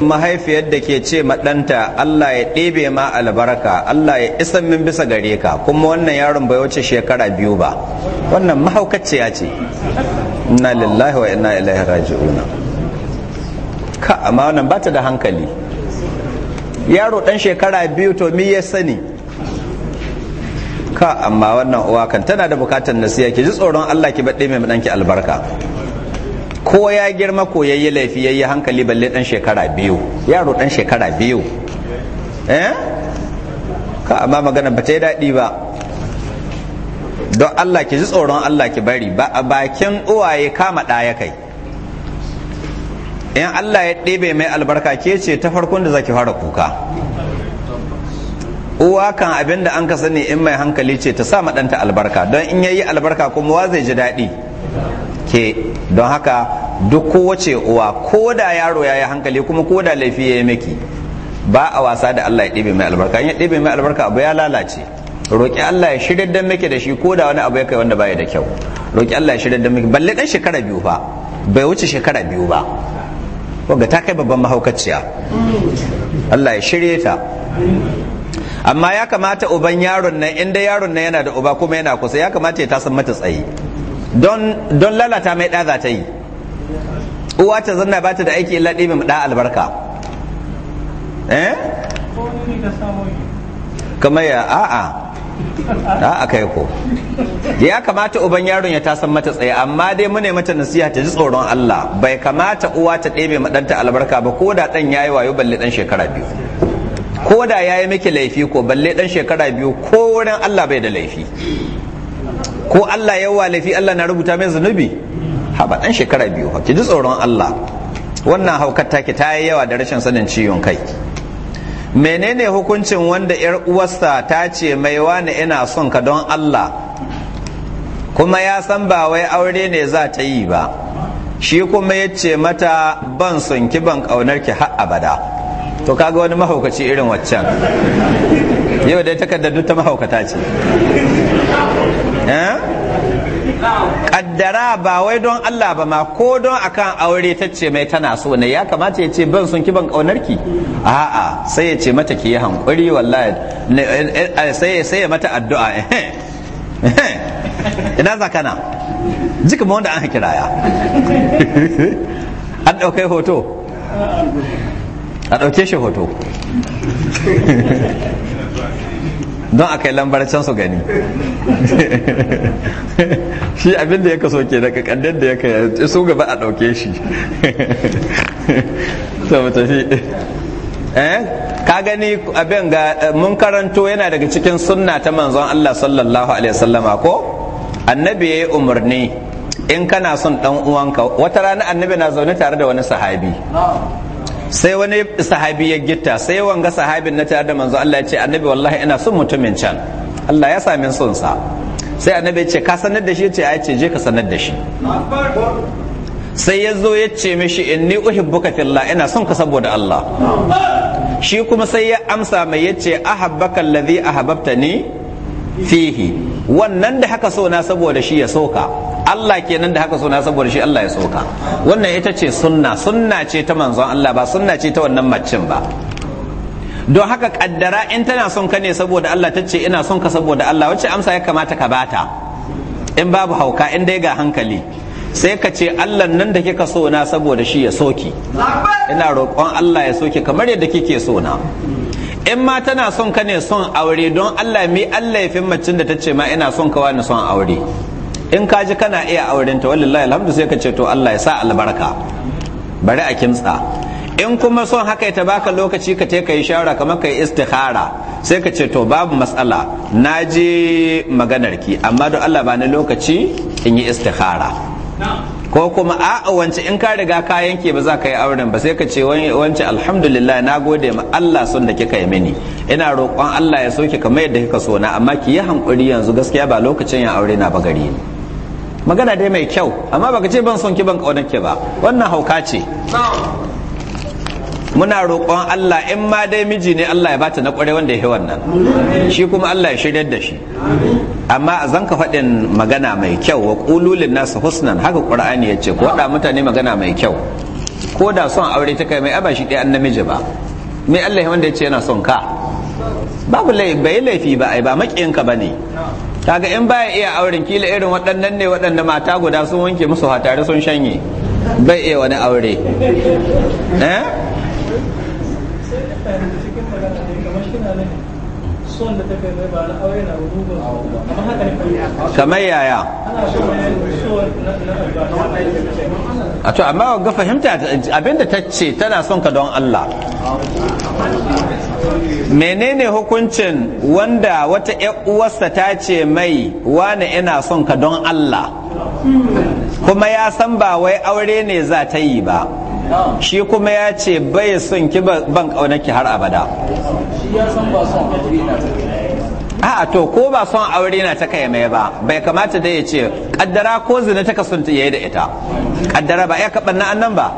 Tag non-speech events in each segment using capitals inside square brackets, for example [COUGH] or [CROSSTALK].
mahaifiyar da ke ce maɗanta Allah ya ɗebe ma albarka Allah ya isan min bisa gare ka kuma wannan yaron bai wuce shekara biyu ba wannan mahaukaciya ce inna lillahi wa inna ilaihi raji'un ka amma wannan ba ta da hankali yaro ɗan shekara biyu to mi ya sani ka amma wannan uwa kan tana da bukatar nasiya ki ji tsoron Allah ki baɗe ma ɗanki albarka ko ya girma ko yayi laifi yayi hankali balle dan shekara biyu yaro dan shekara biyu eh ka amma magana ba ta yi daɗi ba don Allah ki ji tsoron Allah ki bari ba a bakin uwaye kama ɗaya kai in Allah ya ɗebe mai albarka ke ce ta farkon da zaki fara kuka uwa kan abin da an ka sani in mai hankali ce ta sa maɗanta albarka don in yayi albarka kuma wa zai ji daɗi ke don haka duk kowace uwa ko da yaro ya yi hankali kuma ko da laifi ya yi maki ba a wasa da Allah ya ɗebe mai albarka in ya ɗebe mai albarka abu ya lalace roƙi Allah ya shirya dan maki da shi ko da wani abu ya kai wanda baya da kyau roƙi Allah ya shirya dan maki balle ɗan shekara biyu fa bai wuce shekara biyu ba wanda ta kai babban mahaukaciya Allah ya shirye ta amma ya kamata uban yaron nan inda yaron nan yana da uba kuma yana kusa ya kamata ya tasan mata tsaye don lalata mai ɗa za ta yi uwa ta zanna ba ta da aiki illa ɗebe da albarka eh kamar ya a'a a'a kai ko ya kamata uban yaron ya tasan mata tsaye amma dai ne mata nasiha ta ji tsoron Allah bai kamata uwa ta ɗebe ɗanta albarka ba ko da ɗan yayi wayo balle ɗan shekara biyu ko da yayi miki laifi ko balle ɗan shekara biyu ko wurin Allah bai da laifi ko Allah yawa laifi Allah na rubuta mai zunubi haba dan shekara biyu ki ji tsoron Allah wannan haukar take ta yi yawa da rashin sanin ciwon kai menene hukuncin wanda yar uwarsa ta ce mai wani ina son ka don Allah kuma ya san ba wai aure ne za ta yi ba shi kuma ya ce mata ban son ki ban kaunar ki har abada to kaga wani mahaukaci irin waccan yau dai takardar ta mahaukata ce eh? kaddara ba wai don Allah ba ma ko don akan aure ta ce mai tana so ne ya kamata ya ce ban sun ki ban kaunar ki? a'a sai ya ce mata ki yi hankuri wallahi eh, eh, eh, sai sai ya mata addu'a ina zakana jika ma wanda [LAUGHS] an kiraya an ɗaukai hoto a ɗauke shi hoto [LAUGHS] don a kai lambar can su gani [LAUGHS] shi abin da ya kaso ke daga kandar da ya kai su gaba a ɗauke shi [LAUGHS] eh, ka gani abin ga mun karanto yana daga cikin sunna ta manzon Allah sallallahu alaihi wasallama ko annabi yayi umarni in kana son dan uwanka wata rana annabi na zaune tare da wani sahabi sai wani sahabi ya gitta sai wanga sahabin na tare da manzo Allah ya ce annabi wallahi ina son mutumin can Allah ya sami son sa sai annabi ya ce ka sanar da shi ya ce ai ce je ka sanar da shi sai ya zo ya ce mishi inni uhibbuka fillah ina son ka saboda Allah shi kuma sai ya amsa mai ya ce ahabbaka alladhi ahabbtani fihi wannan da haka so na saboda shi ya soka Allah kenan da haka suna saboda shi Allah ya sauka. wannan ita ce sunna sunna ce ta manzon Allah ba sunna ce ta wannan macin ba don haka kaddara in tana son ka ne saboda Allah ta ce ina son ka saboda Allah wacce amsa ya kamata ka bata in babu hauka in dai ga hankali sai ka ce Allah nan da kika so na saboda shi ya soki ina roƙon Allah ya soke kamar yadda kike so na in ma tana son ka ne son aure don Allah mi Allah ya fi macin da ta ce ma ina son ka wani son aure in ka ji kana iya aurenta wallahi alhamdu sai ka ce to Allah ya sa albarka bari a kimtsa in kuma son haka ya baka lokaci ka ka yi shawara kamar ka yi istikhara sai ka ce to babu matsala na maganar maganarki amma don Allah ba na lokaci in yi istikhara ko kuma a wance in ka riga ka yanke ba za ka yi auren ba sai ka ce wance alhamdulillah na gode ma Allah son da kika yi mini ina roƙon Allah ya soke kamar yadda kika so na amma ki yi hankuri yanzu gaskiya ba lokacin ya aure na ba gari ne magana dai mai kyau amma baka ce ban son ki ban kaunar ki ba wannan hauka ce muna roƙon Allah in ma dai miji ne Allah ya bata na ƙware wanda ya yi wannan shi kuma Allah ya shirya da shi amma zan ka faɗin magana mai kyau wa ƙululin nasu husnan haka ƙur'ani ya ce ko waɗa mutane magana mai kyau ko da son aure ta kai mai aba shi ɗaya namiji ba me Allah wanda ya ce yana son ka babu laifi ba laifi ba ai ba maƙiyinka ba ne kaga in baya iya auren kila irin waɗannan ne waɗanda mata guda sun wanke musu tare sun shanye bai iya wani aure eh kamar yaya a to amma ga fahimta abinda ta ce tana son ka don Allah menene hukuncin wanda wata uwarsa ta ce mai wane ina son ka don Allah kuma ya san ba wai aure ne za ta yi ba shi kuma ya ce bai son ki ban ƙaunaki har abada a'a to ko ba son aure na ta kai mai ba bai kamata da ya ce kaddara ko zina ta kasun ta yayi da ita kaddara ba ya kaɓar na annan ba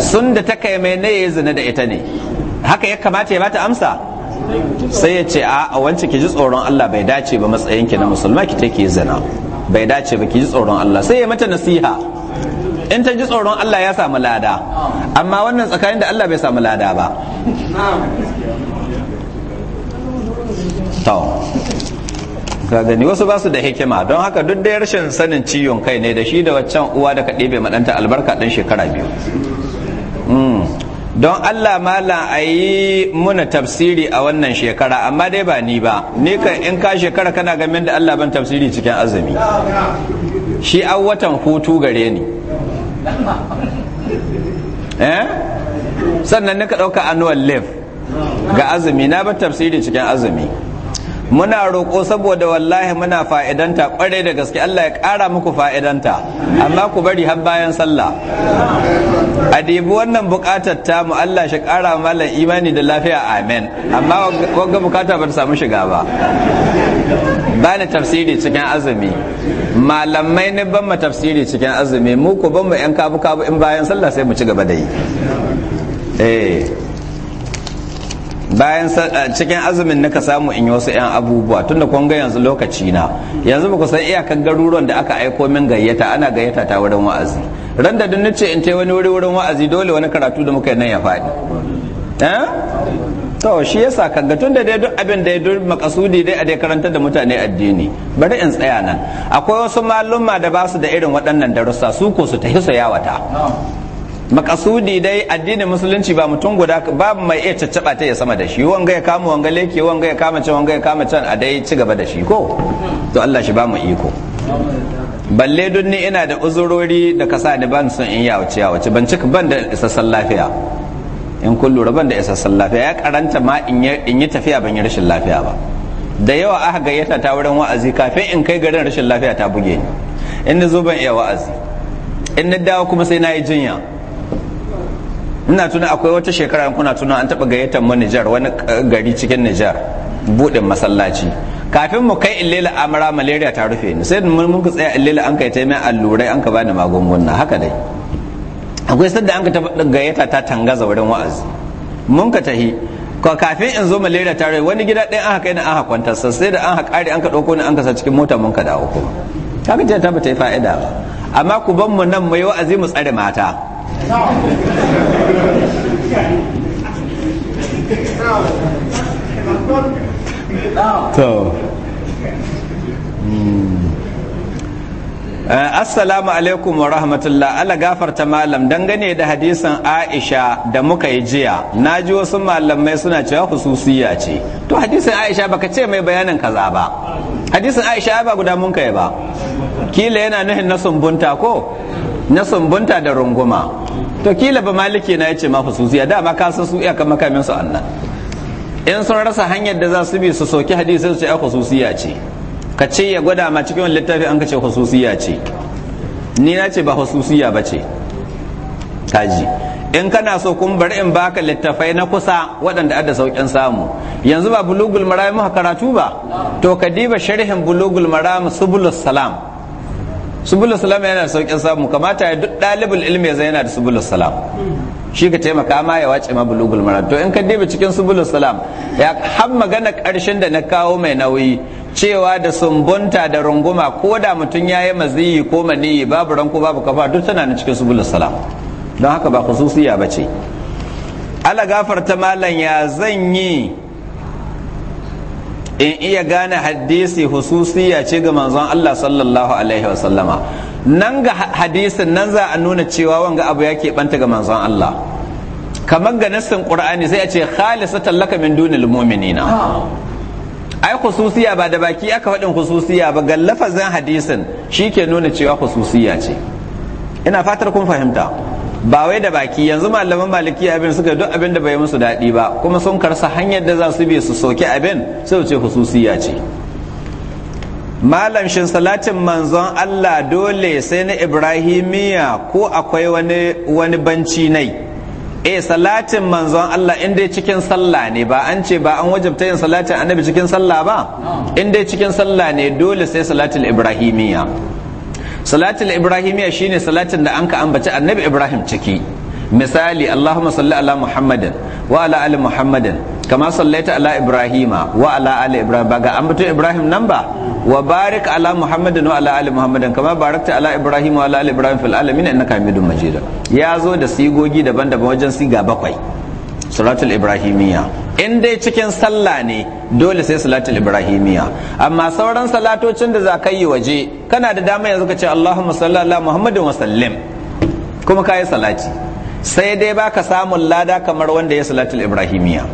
sun da ta kai mai ne yayi zina da ita ne haka ya kamata ya bata amsa sai ya ce a wancan ki ji tsoron Allah bai dace ba matsayin ki na musulma ki take zina bai dace ba ki ji tsoron Allah sai ya mata nasiha in ta ji tsoron Allah ya samu lada amma wannan tsakanin da Allah bai samu lada ba ga gani wasu ba su da hikima don haka duk da rashin sanin ciwon kai ne da shi da waccan uwa da ka ɗebe maɗanta albarka ɗan shekara biyu don Allah malam a yi muna tafsiri a wannan shekara amma dai ba ni ba ni ka in ka shekara kana gamin da Allah ban tafsiri cikin azumi shi an watan hutu gare ni eh sannan nika ɗauka annual leave ga azumi na ban tafsiri cikin azumi muna roƙo saboda wallahi muna fa'idanta ƙwarai da gaske Allah ya ƙara muku fa'idanta amma ku bari har bayan sallah a debi wannan buƙatar tamu Allah shi ƙara malam imani da lafiya amen amma wagga bukata ba ta samu shiga ba ba ni tafsiri cikin azumi malamai ni ban ma tafsiri cikin azumi mu ku ban mu yan kabu kabu in bayan sallah sai mu ci gaba da yi eh. bayan eh, cikin azumin na ka samu in yi wasu 'yan abubuwa tun da kwanga yanzu lokaci na yanzu ba san iyakan garuruwan da aka aiko min gayyata ana gayyata ta wurin wa'azi ran da dun ce in ce wani wuri wurin wa'azi dole wani karatu da muka yi nan ya faɗi eh? to shi yasa kaga tun da dai duk abin da ya dur makasudi dai a dai karantar da mutane addini bari in tsaya nan akwai wasu malumma da ba su da irin waɗannan darussa su ko su ta su yawata makasudi dai addinin musulunci ba mutum guda babu mai iya caccaba ta ya sama da shi wanga ya kama wanga leke wanga ya kama can wanga ya kama can a dai ci gaba da shi ko to Allah shi ba mu iko balle dunni ina da uzurori da kasa da ban son in ya wuce ban cika ban da isassan lafiya in kun lura ban da isassan lafiya ya karanta ma in yi tafiya ban yi rashin lafiya ba da yawa aka gayyata ta wurin wa'azi kafin in kai garin rashin lafiya ta buge ni in na zo ban iya wa'azi in na dawo kuma sai na yi jinya ina tuna akwai wata shekara kuna tuna an taɓa gayyatar mu Nijar wani eh, gari cikin Nijar buɗin masallaci kafin mu kai illela amara malaria ta rufe ni sai mun muka tsaya illela an kai ta mai allurai an ka bani magungunan haka dai akwai sanda an ka taɓa gayyata ta tangaza wurin wa'azi mun ka tahi kafin in zo malaria ta rufe wani gida ɗaya an haka ina an hakwantar sai da an haƙari an ka ɗauko ni an ka sa cikin mota mun ka dawo kuma kafin ta taba ta yi fa'ida ba amma ku ban mu nan mu yi wa'azi mu tsare mata Hmm. Eh, assalamu alaikum wa rahmatullah ala gafarta malam dangane da hadisin aisha da muka yi jiya na ji wasu malamai suna cewa hususiya ce to hadisin aisha baka ce mai bayanin kaza ba hadisin aisha ba guda mun kai ba kila yana nuhin na sumbunta ko na sumbunta da runguma to kila ba maliki na yace ma hususiya dama ka san su iyakan makamin su annan in sun rasa hanyar da za su bi su soki hadisi su ce a ce ka ce ya gwada ma cikin wani littafi an ka ce ce ni na ce ba khususiya ba ce kaji in kana so kun bar in baka littafai na kusa waɗanda ada saukin samu yanzu ba bulugul maram muka karatu ba to ka diba sharhin bulugul maram subulus salam subulus salam yana da saukin samu kamata ya duk ɗalibin ilmi ya yana da subulus salam shi ka taimaka ma ya wace ma bulugul maram to in ka diba cikin subulus salam ya har magana ƙarshen da na kawo mai nauyi cewa da sumbunta da runguma ko da mutum ya yi maziyi ko maniyi babu ranko babu kafa duk tana na cikin subulus salam don haka ba khususiya ba ce ala gafarta malam ya zan yi in iya gane hadisi hususiya ce ga manzon Allah sallallahu alaihi nan ga hadisin nan za a nuna cewa wanga abu yake banta ga manzon Allah kamar ga nassin qur'ani sai a ce khalisa tallaka min dunil mu'minina ah. ai hususiya ba da baki aka faɗin hususiya ba ga lafazin hadisin shi ke nuna cewa hususiya ce ina fatar kun fahimta ba wai da baki yanzu malaman maliki abin suka duk abin da bai musu daɗi ba kuma sun karsa hanyar da za su bi su soke abin sai su ce hususiya ce malam shin salatin manzon Allah dole sai na ibrahimiya ko akwai wani wani banci nai eh salatin manzon Allah in dai cikin sallah ne ba an ce ba an wajabta yin salatin annabi cikin sallah ba in dai cikin sallah ne dole sai salatin Ibrahimiyya salatin ibrahimiyya shine salatin da an ka ambaci annabi ibrahim ciki misali allahumma salli ala muhammadin wa ala ali muhammadin kama sallaita ala ibrahima wa ala ali ibrahim ba ga ambato ibrahim nan ba wa barik ala muhammadin wa ala ali muhammadin kama barakta ala ibrahim wa ala ali ibrahim fil alamin innaka hamidum majid ya zo da sigogi daban-daban wajen siga bakwai salatul ibrahimiyya in dai cikin sallah ne dole sai salatul ibrahimiya amma sauran salatocin da za ka yi waje kana da dama yanzu ka ce Allahumma salli ala Muhammadin wa sallim kuma ka yi salati sai dai baka samun lada kamar wanda ya salatul ibrahimiya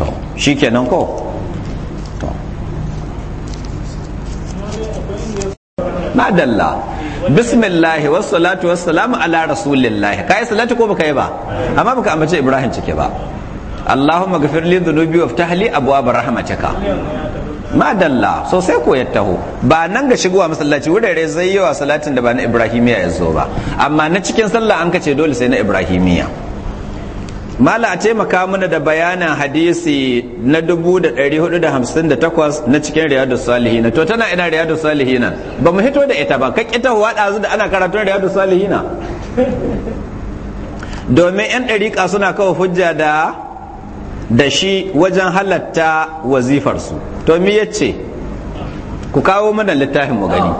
to shikenan ko to madalla bismillahi wassalatu wassalamu ala rasulillahi kai salati ko baka yi ba amma baka ambace ibrahim cike ba Allahumma gafir li dhunubi waftah li abwaab Ma madalla sosai ko ya taho ba nan ga shigowa masallaci wurare zai yi wa salatin da ba na ibrahimiya ya zo ba amma na cikin sallah an kace dole sai na ibrahimiya mala a taimaka mana da bayanan hadisi na 1458 na cikin riyadu salihina to tana ina riyadu salihina ba mu hito da ita ba ka kita huwa ɗazu da ana karatun riyadu salihina domin 'yan ɗariƙa suna kawo hujja da da shi wajen halatta wazifarsu to mi yace ku kawo mana littafin mu gani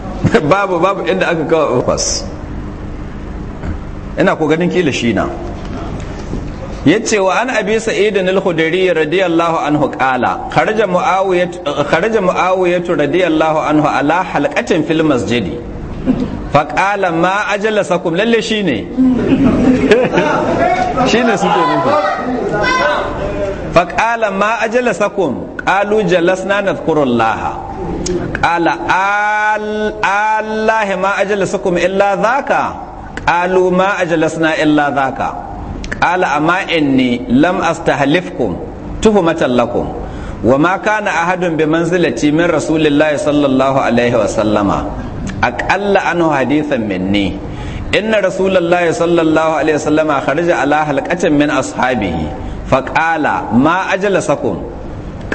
[LAUGHS] babu babu inda aka kawo ofas ina ko ganin kila shi na yace wa an abi sa'id al-khudri radiyallahu anhu qala kharaja muawiyah kharaja muawiyah radiyallahu anhu ala halqatin fil masjidi faƙala ma ajalla sakum lalle shi ne [LAUGHS] shi ne suke nufi faƙala ma ajalla sakum ƙalu jalasna na laha ƙala allahi ma ajalla sakum illa zaka ƙalu ma ajalasna illa zaka ƙala amma inni lam astahlifkum tuhumatan lakum wa ma kana ahadun bi manzilati min rasulillahi sallallahu alaihi wa sallama aqalla anhu hadithan minni inna rasulullahi sallallahu alaihi wasallama kharaja ala halqatin min ashabihi faqala ma ajlasakum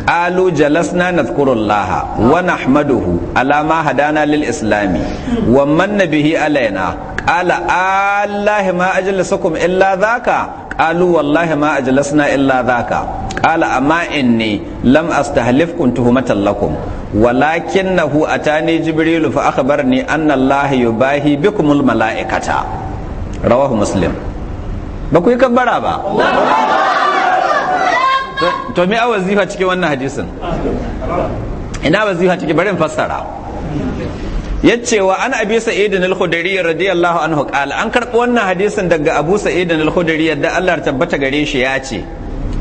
قالوا جلسنا نذكر الله ونحمده على ما هدانا للإسلام ومن به علينا قال الله ما أجلسكم إلا ذاك قالوا والله ما أجلسنا إلا ذاك قال amma inni lam astahlifkum tuhmatan lakum ولكنه atani جبريل fa akhbarni الله يباهي بكم bikumul رواه rawahu بكو ba ku yi kabbara ba to me a wazifa cikin wannan hadisin ina wazifa cikin barin fassara yace wa an abi sa'id al-khudri radiyallahu anhu qala an karbo wannan hadisin daga abu sa'id al-khudri da Allah tabbata gare shi ya ce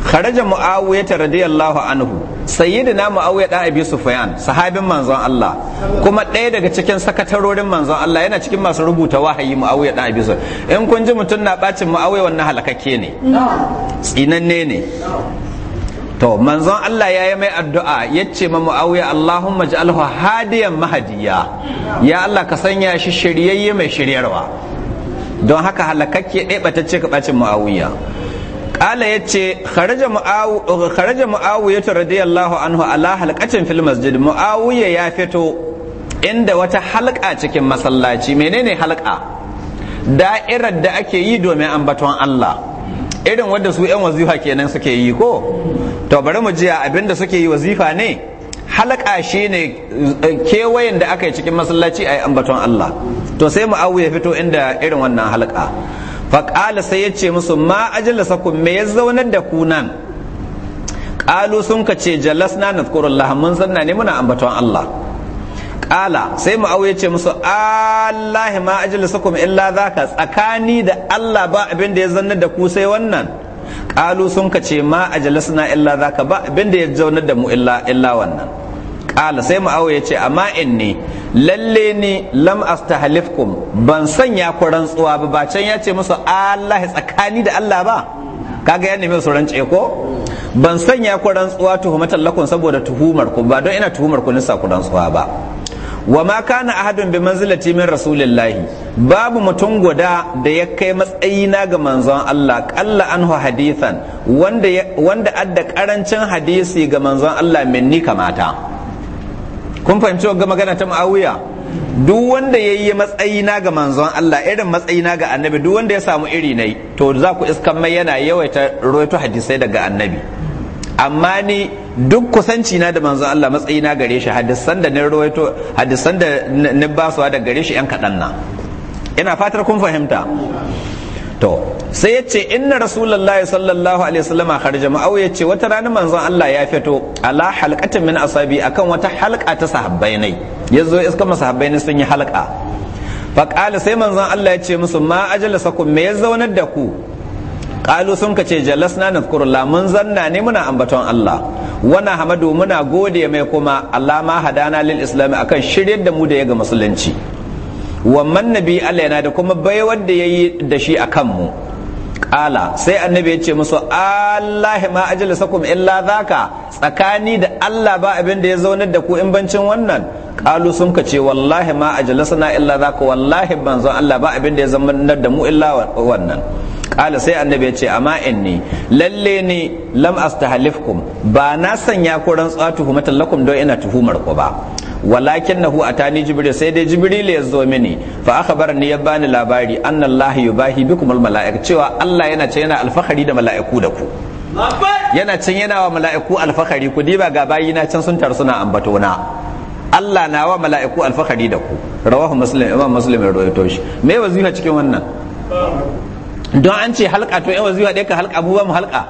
kharaja muawiya ta radiyallahu anhu sayyidina muawiya da abi sahabin manzon Allah kuma ɗaya daga cikin sakatarorin manzon Allah yana cikin masu rubuta wahayi muawiya da in kun ji mutum na bacin muawiya na halakakke ne tsinanne ne to manzon Allah ya yi mai addu'a ya ce ma mu'awiya Allahumma alhu hadiyan mahadiya ya Allah ka sanya shi shiryayye mai shiryarwa don haka halakakke ɗaya ɓatacce ka ɓacin mu'awiya kala ya kharaja muawu kharaja muawiya radiyallahu anhu ala halqatin fil masjid mu'awu ya fito inda wata halqa cikin masallaci menene halqa da'irar da ake yi domin ambaton Allah irin wadda su 'yan wazifa kenan suke yi ko to bari mu jiya abinda suke yi wazifa ne halqa shine eh, kewayen da aka yi cikin masallaci ayi ambaton Allah to sai mu'awu ya fito inda irin wannan halqa faƙala sai ya ce musu ma ajala sakun me ya zaunar da ku nan ƙalu sun ka ce jalas na na nazkurullah mun zanna ne muna ambaton Allah ƙala sai mu'awu ya ce musu Allah ma ajala sakun illa ka tsakani da Allah ba abin da ya zannar da ku sai wannan ƙalu sun ka ce ma a na illa za ka ba abinda ya zaunar da mu illa wannan ƙala sai ma'awo ya ce amma in ne lalle ni lam astahlifkum ban sanya ku rantsuwa ba ba can ya ce musu Allah tsakani da Allah ba kaga yana mai su rance ko ban sanya ku rantsuwa tuhumatan lakum saboda tuhumar ku ba don ina tuhumar ku nisa ku rantsuwa ba wa ma kana ahadun bi manzilati min rasulillahi babu mutum guda da ya kai matsayina ga manzon Allah kalla anhu hadithan wanda wanda adda karancin hadisi ga manzon Allah min ni kamata kun fahimci ga magana ta ma'awiya duk wanda ya yi matsayi na ga manzon Allah irin matsayi na ga annabi duk wanda ya samu iri na to za ku iskan mai yana yawaita rawaito hadisai daga annabi amma ni duk kusanci na da manzon Allah matsayi na gare shi hadisan da na roto hadisan da basuwa da gare shi yan kaɗan na ina fatar kun fahimta to sai yace inna rasulullahi sallallahu alaihi wasallam kharaja ma'au yace wata rana manzon Allah ya fito ala halqatin min asabi akan wata halqa ta sahabbai ne yazo iska masahabbai ne sun yi halqa fa qala sai manzon Allah ya ce musu ma ajalasakum me ya zaunar da ku qalu sun kace jalasna nadhkurullah mun zanna ne muna ambaton Allah wana hamadu muna gode mai kuma Allah ma hadana lil islam akan shiryar da mu da ya ga musulunci wa Allah yana da kuma baiwar da yayi da shi a kanmu ƙala sai annabi ya ce musu Allah ma ajalasakum illa zaka tsakani da allah ba abin da ya zaunar da ku in bancin wannan ƙalu sun ka ce wallahi ma ajalasana illa zaka wallahi banzon allah ba abin da ya zaunar da mu illa wannan Ƙala, sai annabi ya ce amma inni lalle ni lam astahlifkum ba na sanya ku rantsuwa tuhumatan lakum do ina tuhumar ku ba a tani jibril sai dai jibril ya zo mini fa aka bar ni ya bani labari anna allah yubahi bikum al malaika cewa allah yana can yana alfahari da mala'iku da ku yana can yana wa mala'iku alfahari ku diba ga bayi na can sun taru suna ambato na Allah na wa mala'iku alfahari da ku rawahu muslim imam muslim rawaito shi me wazifa cikin wannan don an ce halka to yan wazifa dai ka halka mu ba mu halka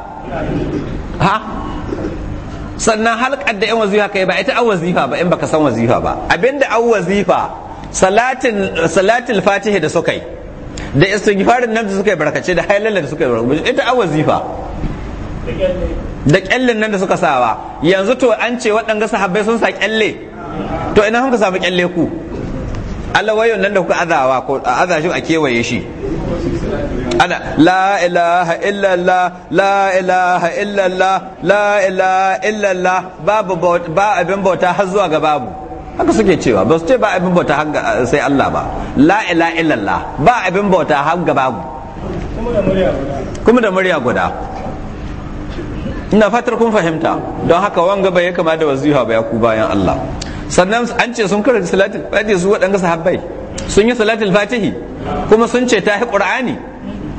sannan halkar da yan wazifa kai ba ita an wazifa ba in baka san wazifa ba abinda an wazifa salatin salatul fatihi da suka yi da istighfarin nan da suka yi barkace da hailalla da suka yi barkace ita an wazifa da kyallin nan da suka sawa yanzu to an ce waɗanga sahabbai sun sa kyalle to ina hanka samu kyalle ku alawayon nan da kuka azawa ko aza a kewaye shi ana la ilaha illallah la ilaha illallah la ilaha illallah babu ba abin bauta har zuwa ga babu haka suke cewa ba su ce ba abin bauta har sai Allah ba la ilaha illallah ba abin bauta har ga babu kuma da murya guda ina fatar kun fahimta don haka wanga bai ya kama da wazifa ba ya ku bayan Allah sannan an ce sun karanta salatul fatihi su waɗanga sahabbai sun yi salatul fatihi kuma sun ce ta yi qur'ani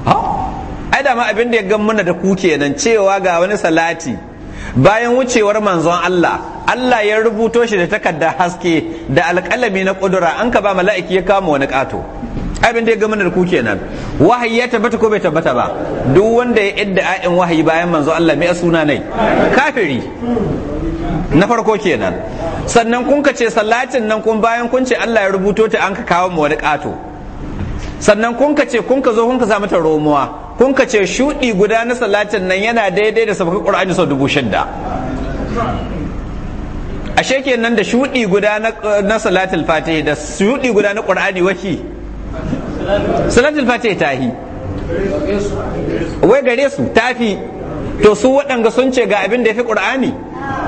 ai da ma abin da ya mana da ku kenan cewa ga wani salati bayan wucewar manzon Allah Allah ya rubuto shi da takarda haske da alƙalami na ƙudura an ka ba mala'iki ya kama wani ƙato abin da ya gammana da ku kenan wahayi ya tabbata ko bai tabbata ba duk wanda ya idda ayin wahayi bayan manzon Allah mai suna nai kafiri na farko kenan sannan kun ka ce salatin nan kun bayan kun ce Allah ya rubuto ta an ka kawo mu wani ƙato sannan kun ka ce kun ka zo kun ka sa mata romuwa kun ka ce shuɗi guda na salatin nan yana daidai da sabbin ƙur'ani sau dubu a ashe nan da shuɗi guda na salatul fatihi da shuɗi guda na ƙur'ani waki salatul fatihi yi wai gare su fi? to su waɗanga sun ce ga abin da ya fi ƙur'ani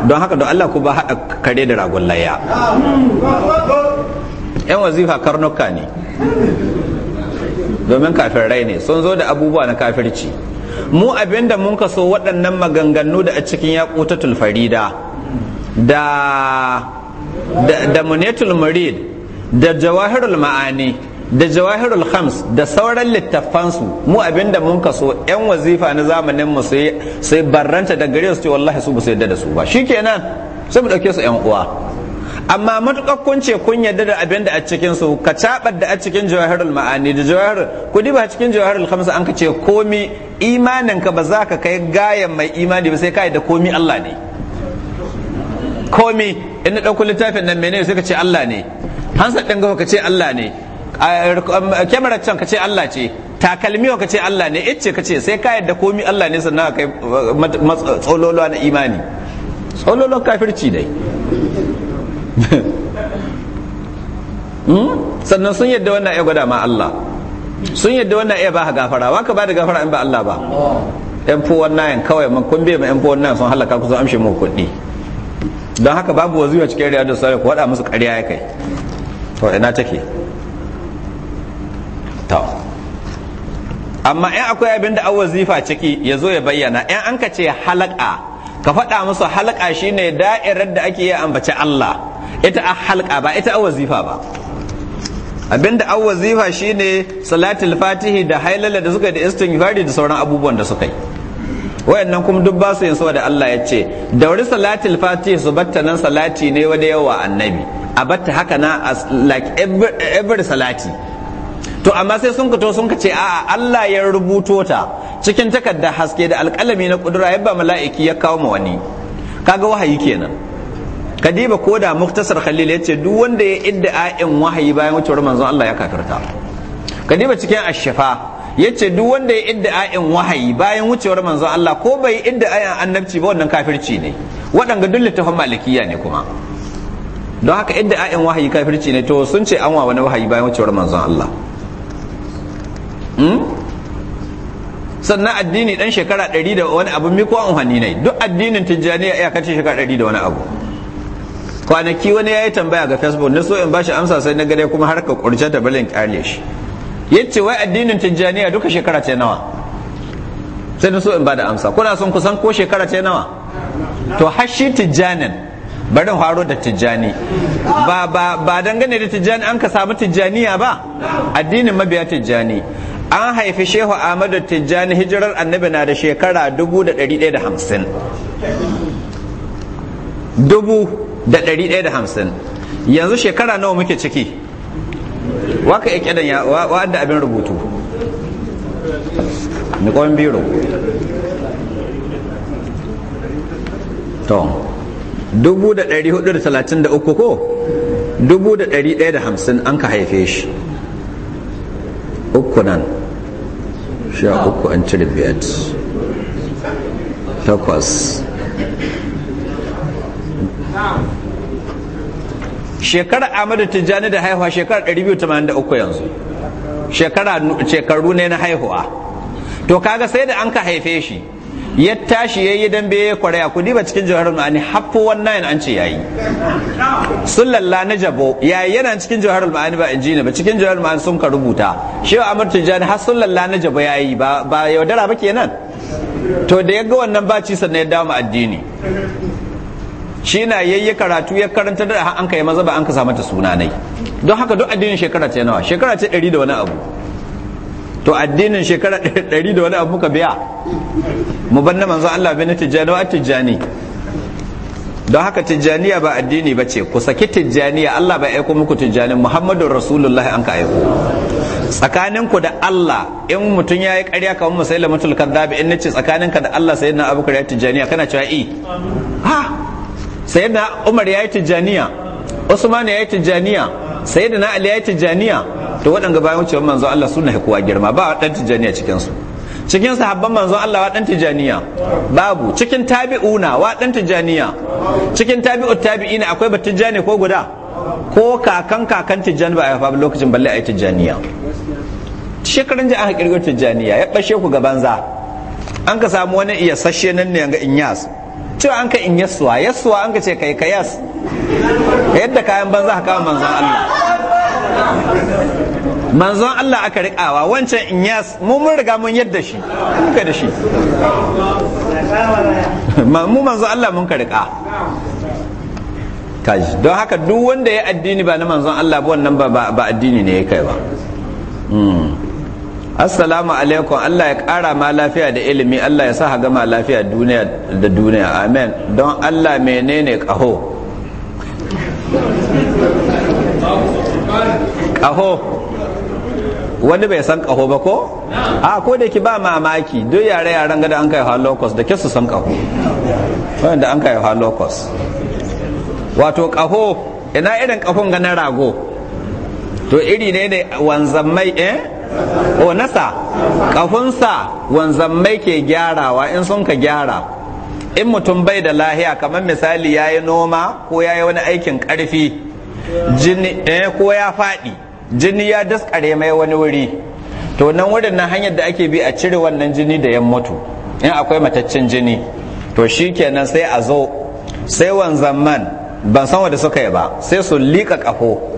don haka don Allah ku ba haɗa kare da ragon layya yan wazifa karnuka ne domin rai ne sun zo da abubuwa na kafirci mu abinda mun kaso waɗannan maganganu da a cikin yakuta farida da da munetul murid da jawahirul ma'ani da jawahirul khams da sauran littafansu mu abinda mun kaso yan wazifa na zamanin mu sai barranta da gare su wallahi su ba su yadda da su ba kenan sai mu ɗauke su yan uwa amma matuƙar kun ce kun yadda da abin da a cikin su ka caɓar da a cikin jawaharul ma'ani da jawahar ku ba cikin jawaharul khamsa an ka ce komi imanin ka ba za ka kai gayan mai imani ba sai ka da komi Allah ne komi in na ɗauko littafin nan menene sai ka ce Allah ne hansa ɗin gaba ka ce Allah ne um, kyamarar can ka ce Allah ce takalmi ka ce Allah ne ice ka ce sai ka da komi Allah ne sannan ka kai uh, tsololuwa na imani tsololuwa kafirci dai Hmm? sannan sun yadda wannan ya gwada ma Allah sun yadda wannan ya ba ha gafara waka ba da gafara in ba Allah ba yan fowar nayan kawai man kun ma yan fowar nayan sun halaka ku sun amshe mu kuɗi don haka babu waziwa cikin riyadu salih ku wada musu ƙarya ya kai to ina take to amma in akwai abin da an wazifa ciki ya zo ya bayyana in an ka ce halaka ka faɗa musu halaka shine da'irar da ake yi ambaci Allah ita a halka ba ita a wazifa ba abinda an wazifa shine salatul fatihi da hailala da suka da istighfari da sauran abubuwan da suka yi wayannan kuma duk ba su yin saboda Allah ya ce dauri salatul fatihi su batta nan salati ne wada yawa annabi a batta haka na as like every, salati to amma sai sun kato sun ka ce a'a Allah ya rubuto ta cikin takardar haske da alƙalami na kudura yabba ba mala'iki ya kawo ma wani kaga wahayi kenan kadiba ko da muktasar khalil ya ce duk wanda ya idda ayin wahayi bayan wucewar manzon Allah ya kafirta kadiba cikin ashafa ya ce duk wanda ya idda ayin wahayi bayan wucewar manzon Allah ko bai idda ayin annabci ba wannan kafirci ne waɗanga duk littafin malikiya ne kuma don haka idda ayin wahayi kafirci ne to sun ce an wa wani wahayi bayan wucewar manzon Allah hmm? sannan addini dan shekara 100 da wani abu mi ko an ne duk addinin tijjaniya kace shekara 100 da wani abu kwanaki wani ya yi tambaya ga facebook na so in bashi amsa sai na gare kuma harka kurce da balin kyale shi yace wai addinin tijjaniya duka shekara ce nawa sai na so in bada amsa kuna son kusan ko shekara ce nawa to hashi tijjanin bari haro da tijjani ba ba ba dangane da tijjani an ka samu tijjaniya ba addinin mabiya tijjani an haifi shehu ahmadu tijjani hijirar annabi na da shekara dubu da ɗari ɗaya da hamsin dubu da ɗari ɗaya da hamsin yanzu shekara nawa muke ciki waka ya ƙidan ya wa'adda abin rubutu Ni ƙwan biro to dubu da ɗari hudu da talatin da uku ko dubu da ɗari ɗaya da hamsin an ka haife shi uku nan sha uku an cire biyar takwas Shekara amadu tijjani da haihuwa shekara 283 yanzu shekara shekaru ne na haihuwa to kaga sai da an ka haife shi ya tashi ya yi dambe ya a ku diba cikin jihar ma'ani haffu wannan an ce yayi sullalla na jabo yayi yana cikin jihar ma'ani ba ne ba cikin jihar ma'ani sun ka rubuta shi amur tijjani har sullalla na jabo ya yi. ba yaudara ba kenan to da ya ga wannan baci sannan ya dawo addini shi na yayi karatu ya karanta da an kai maza ba an ka samu ta sunanai don haka duk addinin shekara ce nawa shekara ce 100 da wani abu to addinin shekara 100 [LAUGHS] da wani abu ka biya mu banna manzo Allah bin tijani wa tijani don haka tijjaniya ba addini ba ce ku saki tijjaniya Allah bai aiko muku tijjanin muhammadur Rasulullahi an ka aiko tsakaninku da Allah in mutum ya yi ƙarya sai la mutul kadhabi in nace tsakaninka da Allah sai na abu ya tijjaniya kana cewa i eh. ha sayyidina umar ya yi tijjaniya usman ya yi tijjaniya sayyidina ali ya yi tijjaniya to waɗanda bayan wucewa manzon Allah suna kuwa girma ba ɗan tijjaniya cikinsu cikin sahabban manzon Allah wa ɗan tijjaniya babu cikin tabi'una wa ɗan tijjaniya cikin tabi'ut tabi'ina akwai ba tijjani ko guda ko kakan kakan tijjani ba a yafa lokacin balle a yi tijjaniya shekarun ji an haƙirgar tijjaniya ya ɓashe ku ga banza an ka samu wani iya sashe nan ne ga inyas cewa an ka in yasuwa yasuwa an ka ce kai ka yas yadda kayan banza ka kawo manzon Allah manzon Allah aka riƙawa wancan in yas mu mun riga mun yadda shi mun ka da shi mu manzon Allah mun ka riƙa kaji don haka duk wanda ya addini ba na manzon Allah ba wannan ba addini ne ya kai ba hmm. assalamu alaikum Allah ya ƙara ma lafiya da ilimi Allah ya sa ha gama lafiya duniya da duniya amen don Allah menene kaho. kaho wani bai san kaho ba ko a ko da ki ba mamaki duk yare yaren gada an kai holocaust da ke su san kaho. wanda an kai holocaust wato kaho ina irin ga ganin rago to iri ne ne wanzan mai eh o nasa kafunsa wanzammai ke gyarawa in sun ka gyara in mutum bai da lahiya kamar misali ya yi noma ko ya yi wani aikin ƙarfi eh, ko ya faɗi jini ya daskare mai wani wuri to nan wurin nan hanyar da ake bi a cire wannan jini da 'yan mutu in akwai mataccen jini to shi kenan sai a zo sai wanzan man ban san wanda suka yi ba sai su liƙa ƙafo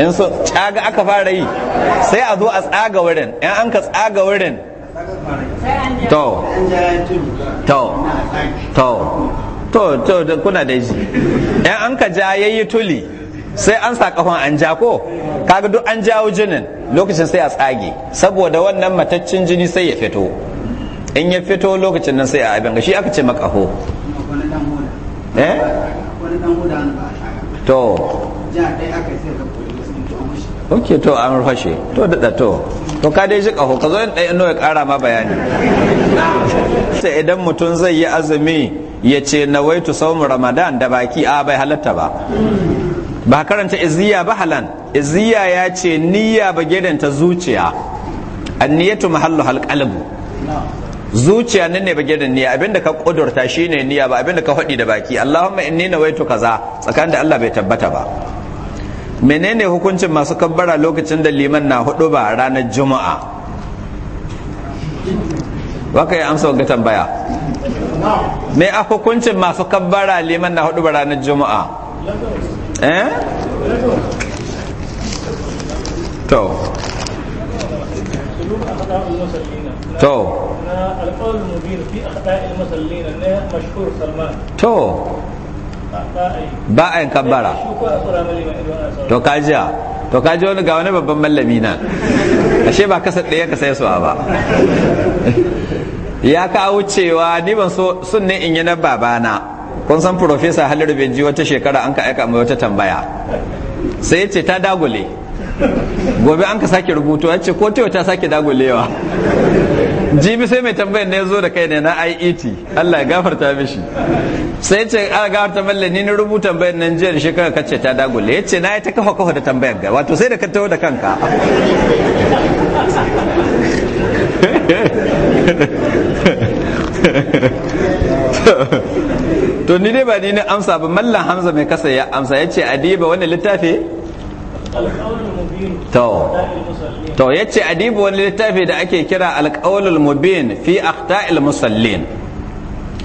in so caga aka fara yi sai a zo a tsaga wurin in an ka tsaga wurin to to to to to kuna da shi in an ka ja yayi tuli sai an sa kafan an ja ko kaga duk an jawo jinin lokacin sai a tsage saboda wannan mataccin jini sai ya fito in ya fito lokacin nan sai a abin shi aka ce makaho eh to ok to an fashe to da to to ka dai shi kaho ka zo ɗaya ino ya ƙara ma bayani sai idan mutum zai yi azumi ya ce na waitu saumu ramadan da baki a bai halatta ba ba karanta izziya ba halan izziya ya ce niyya ba ta zuciya anniyatu mahallu halqalbu zuciya nan ne ba gidan niyya abinda ka kudurta shine niyya ba abinda ka faɗi da baki Allahumma inni nawaitu kaza tsakanin da Allah bai tabbata ba menene hukuncin masu kabbara lokacin da liman na hudu ba ranar juma'a waka yi amsa wanga tambaya me a hukuncin masu kabbara liman na hudu ba ranar juma'a eh to to to ba a yin kabbara to kajiya to kaji wani ga wani babban mallami na ashe ba kasa ɗaya ka sai suwa ba ya kawo cewa ni ban so in yi na babana kun san profesa halilu benji wata shekara an ka aika mai wata tambaya sai ce ta dagule gobe an ka sake rubutu ya ce ko ta sake dagulewa jibi sai mai tambayar ne zo da kai ne na IET Allah ya gafarta mishi sai ce ala ah, gafarta malle ni ni rubuta tambayar nan jiya da shekara kace ta dagule yace na yi ta kafa kafa da tambayar ga wato sai da ka taho da kanka to ni dai ba ni ne amsa ba mallan hamza mai kasa ya amsa ya ce adiba wannan littafi to to yace adibu wani littafi da ake kira alqaulul mubin fi akhta'il musallin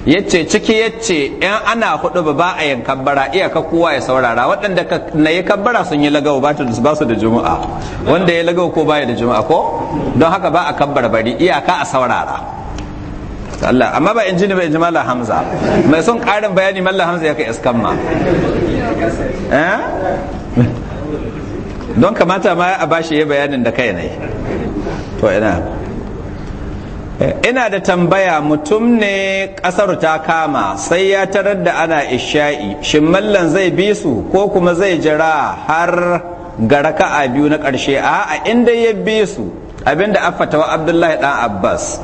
yace ciki yace yan ana hudu ba ba a yin kabbara iya ka kowa ya saurara waɗanda na yi kabbara sun yi lagau ba ba su da juma'a wanda ya lagau ko baya da juma'a ko don haka ba a kabbar bari iyaka a saurara Allah amma ba in ji ni in ji mala hamza mai son ƙarin bayani mala hamza ya kai iskan ma eh don kamata ma a bashi ya bayanin da kai ne to ina ina da tambaya mutum ne ƙasar ta kama sai ya tarar da ana isha'i shin mallan zai bi su ko kuma zai jira har ga raka'a biyu na ƙarshe a inda ya bi su abinda wa abdullahi dan abbas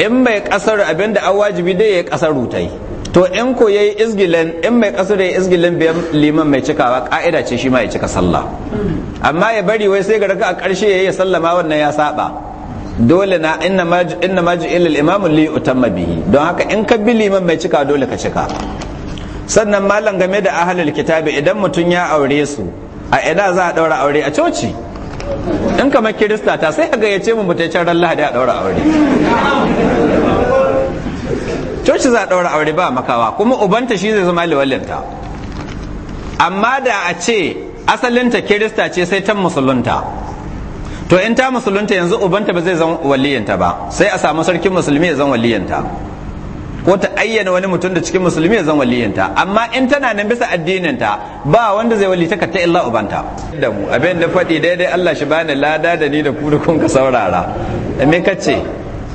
in bai ƙasar abinda an wajibi dai ya ƙasar rutai to in ko yayi izgilan in mai kasar yayi izgilan biyan liman mai cikawa ka'ida ce shi ma ya cika sallah amma ya bari wai sai ga raka a karshe yayi sallama wannan ya saba dole na inna ma inna ma al-imam li utamma bihi don haka in ka bi liman mai cika dole ka cika sannan malam game da ahlul kitabi idan mutum ya aure su a ina za a daura aure a coci in kamar kirista ta sai ga ya ce mu mutaccen ran lahadi a daura aure coci za a ɗaura aure ba makawa kuma ubanta shi zai zama liwallinta amma da a ce asalinta kirista ce sai ta musulunta to in ta musulunta yanzu ubanta ba zai zama waliyanta ba sai a samu sarkin musulmi ya zama waliyanta ko ta ayyana wani mutum da cikin musulmi ya zama waliyanta amma in tana nan bisa addininta ba wanda zai walita ka ta illa ubanta da mu abin da faɗi daidai Allah shi bani lada da ni da ku ka saurara me kace